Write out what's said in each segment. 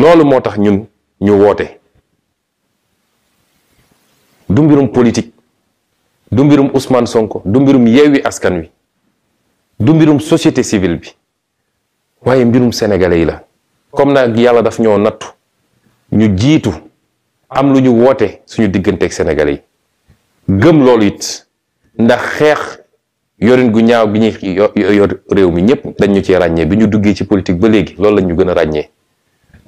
loolu moo tax ñun ñu woote du mbirum politique du mbirum Ousmane Sonko du mbirum Yewwi Askan Wi du mbirum société civile bi waaye mbirum sénégalais yi la comme nag yàlla daf ñoo nattu ñu jiitu am lu ñu woote suñu digganteeg sénégalais yi gëm loolu it ndax xeex yorin gu ñaaw gi ñuy yor réew mi ñëpp dañ ñu cee ràññee bi ñu duggee ci politique ba léegi loolu lañ ñu gën a ràññee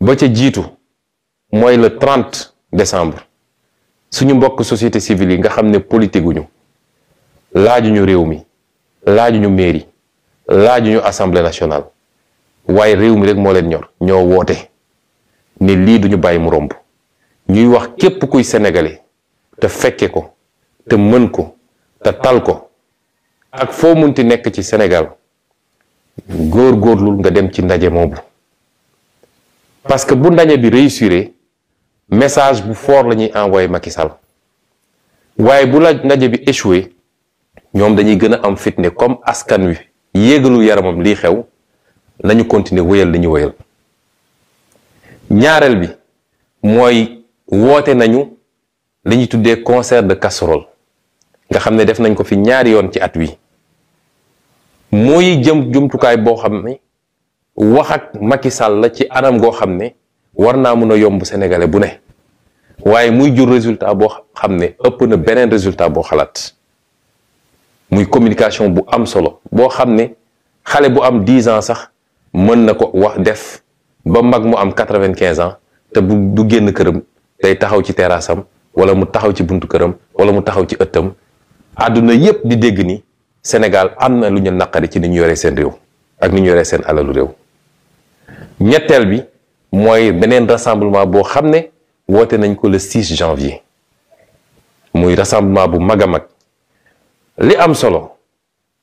ba ca jiitu mooy le 30 décembre suñu mbokk société civile yi nga xam ne politique guñu laajuñu réew mi laajuñu mairie laajuñu assemblée nationale waaye réew mi rek moo leen ñor ñoo woote ne lii duñu bàyyi mu romb ñuy wax képp kuy sénégalais te fekke ko te mën ko te tal ko ak foo munti nekk ci Sénégal góor góorlul nga dem ci ndaje moobu parce que bu ndagne bi réussiré message bu fort lañuy envoyer Macky Sall waye bu la ndagne bi échouer ñom dañuy gëna am fitné comme askan wi yéegalu yaramam li xew nañu continuer wéyal li ñu wéyal bi moy woté nañu li tuddé concert de casserole nga xamné def nañ ko fi ñaar yoon ci at wi mooy jëm jumtukaay bo xamné wax ak Macky Sall la ci anam goo xam ne war naa mun a yomb sénégalais bu ne waaye muy jur résultat boo xam ne ëpp na beneen résultat boo xalaat muy communication bu am solo boo xam ne xale bu am 10 ans sax mën na ko wax def ba mag mu am quinze ans te bu du génn këram day taxaw ci teraasam wala mu taxaw ci buntu këram wala mu taxaw ci ëttam àdduna yépp di dégg ni Sénégal am na lu ñu naqari ci ni ñu yoree seen réew ak ni ñu yore seen alalu réew ñetteel bi mooy un rassemblement boo xam ne nañ ko le 6 janvier muy rassemblement bu mag a li am solo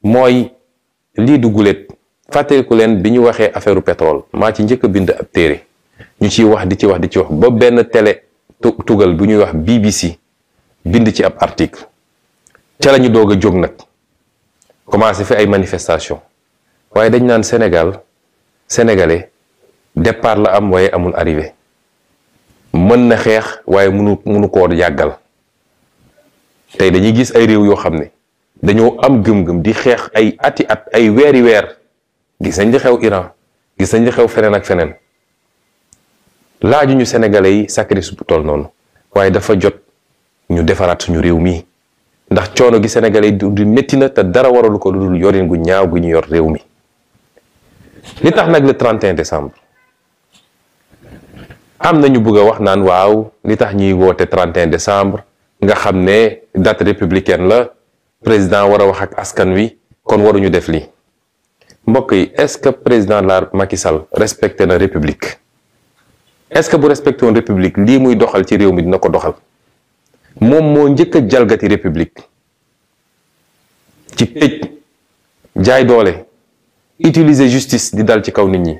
mooy lii du a fàttaliku leen bi affaire pétrole maa ci a bind ñu ci wax di ci télé bu wax BBC bind ci article ca a commencé fi ay manifestation waaye Sénégal sénégalais départ la am waaye amul arriver mën na xeex waaye mënu mënu koo yàggal tey dañuy gis ay réew yoo xam ne dañoo am gëm-gëm di xeex ay ati at ay weeri weer gis nañ li xew Iran gis nañ li xew feneen ak feneen laaju ñu senegale yi sacrifice bu noonu waaye dafa jot ñu defaraat suñu réew mii ndax coono gi sénégalais yi du métti na te dara waralu ko lu dul yorin gu ñaaw gu ñu yor réew mi li tax nag le 31 décembre amna ñu bëgg wax naan waaw li tax ñuy woote 31 décembre nga xam ne date républicaine la président war a wax ak askan wi kon waruñu def li mbokk yi est-ce que président la Macky Sall respecté na république est-ce que bu respecté woon république lii muy doxal ci réew mi dina ko doxal moom moo njëkk jalgati république ci tëj jaay doole utiliser justice di dal ci kaw nit ñi.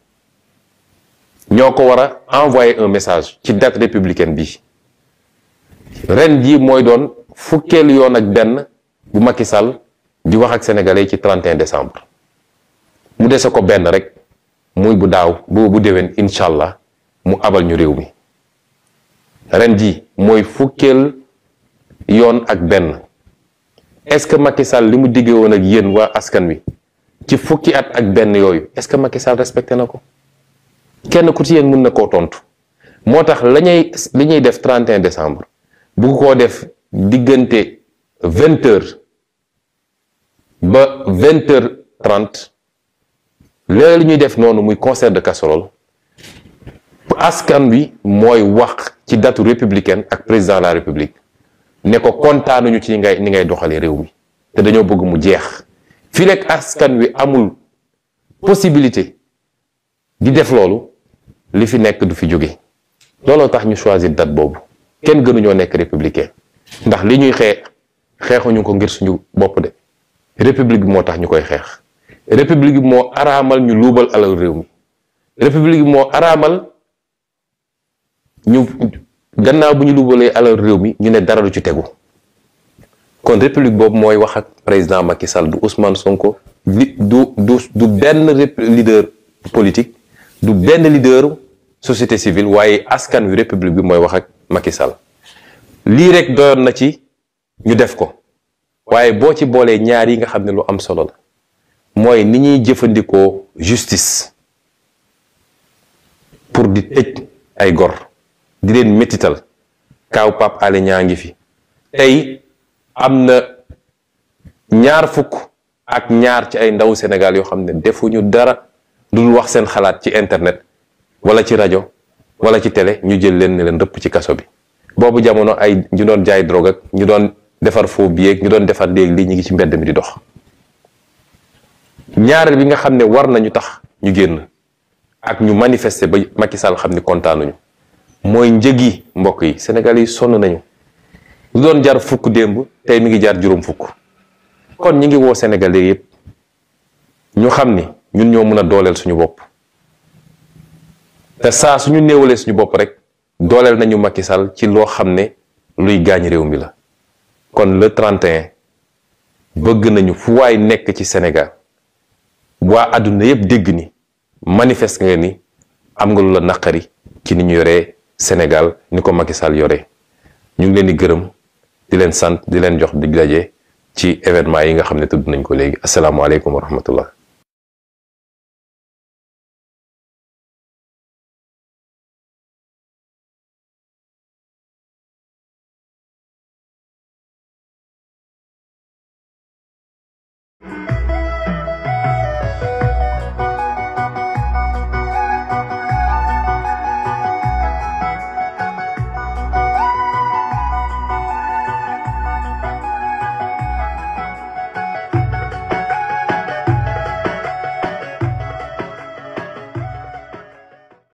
ñoko wara envoyer un message ci date républicaine bi ren jii moy don fukel yon ak ben bu Macky Sall di wax ak sénégalais ci 31 décembre mu déssé ko ben rek muy bu daw bu bu déwén inshallah mu abal ñu réew mi ren jii moy fukel yon ak ben est-ce que Macky Sall limu diggé won ak yeen wa askan wi ci fukki at ak ben yooyu est-ce que Macky Sall respecté nako kenn ku ci yéen mun na koo tontu moo tax la ñuy li ñuy def 31 décembre bu koo def diggante vingt heures ba vingt heures trente ñuy def noonu muy concert de casserole askan wi mooy wax ci datu républicain ak président la république ne ko kontaanuñu ci ni ngay ni ngay doxalee réew mi te dañoo bëgg mu jeex fii rek askan wi amul possibilité di def loolu li fi nekk du fi jóge looloo tax ñu choisir date boobu kenn gënuñoo nekk républicain ndax li ñuy xeex xeexuñu ko ngir suñu bopp de république bi moo tax ñu koy xeex république bi moo araamal ñu luubal alal réew mi moo araamal ñu bu ñu luubalee alal réew mi ñu ne dara du ci tegu kon république boobu mooy wax ak président Macky Sall du Ousmane Sonko du du du benn leader politique du benn leader société civile waye askan wi république bi moy wax ak Macky Sall li rek doyoon na ci ñu def ko waye bo ci bolé ñaar yi nga xamné lu am solo la moy ni ñi jëfëndiko justice pour di tej ay gor di len metital, kaw pap ali ñangi fi tay amna ñaar fukk ak ñaar ci ay ndaw Sénégal yo xamné ne defuñu dara dul wax sen xalaat ci internet wala ci rajo wala ci tele ñu jël leen ne leen rëpp ci kaso bi boobu jamono ay ñu doon jaay drogue ak ñu doon defar faux billet ak ñu doon defar léegi lii ñu ngi ci mbedd mi di dox ñaareel bi nga xam ne war nañu tax ñu génn ak ñu manifester ba Macky Sall xam ni kontaanuñu mooy njëgi mbokk yi Sénégal yi sonn nañu lu doon jar fukk démb tey mi ngi jaar juróom fukk kon ñu ngi woo Sénégalais yépp ñu xam ni ñun ñoo mën a dooleel suñu bopp té sa suñu néwulé suñu bop rek dolel nañu Macky Sall ci lo xamné luy gañ réew la kon le 31 bëgg nañu fu way nekk ci Sénégal wa aduna yépp dégg ni manifeste nga ni am nga lu la nakari ci ni ñu yoré Sénégal ni Macky Sall yoré ñu ngi leen di gërëm di leen sant di leen jox dig dajé ci événement yi nga xamné tuddu nañ ko assalamu alaykum wa rahmatullah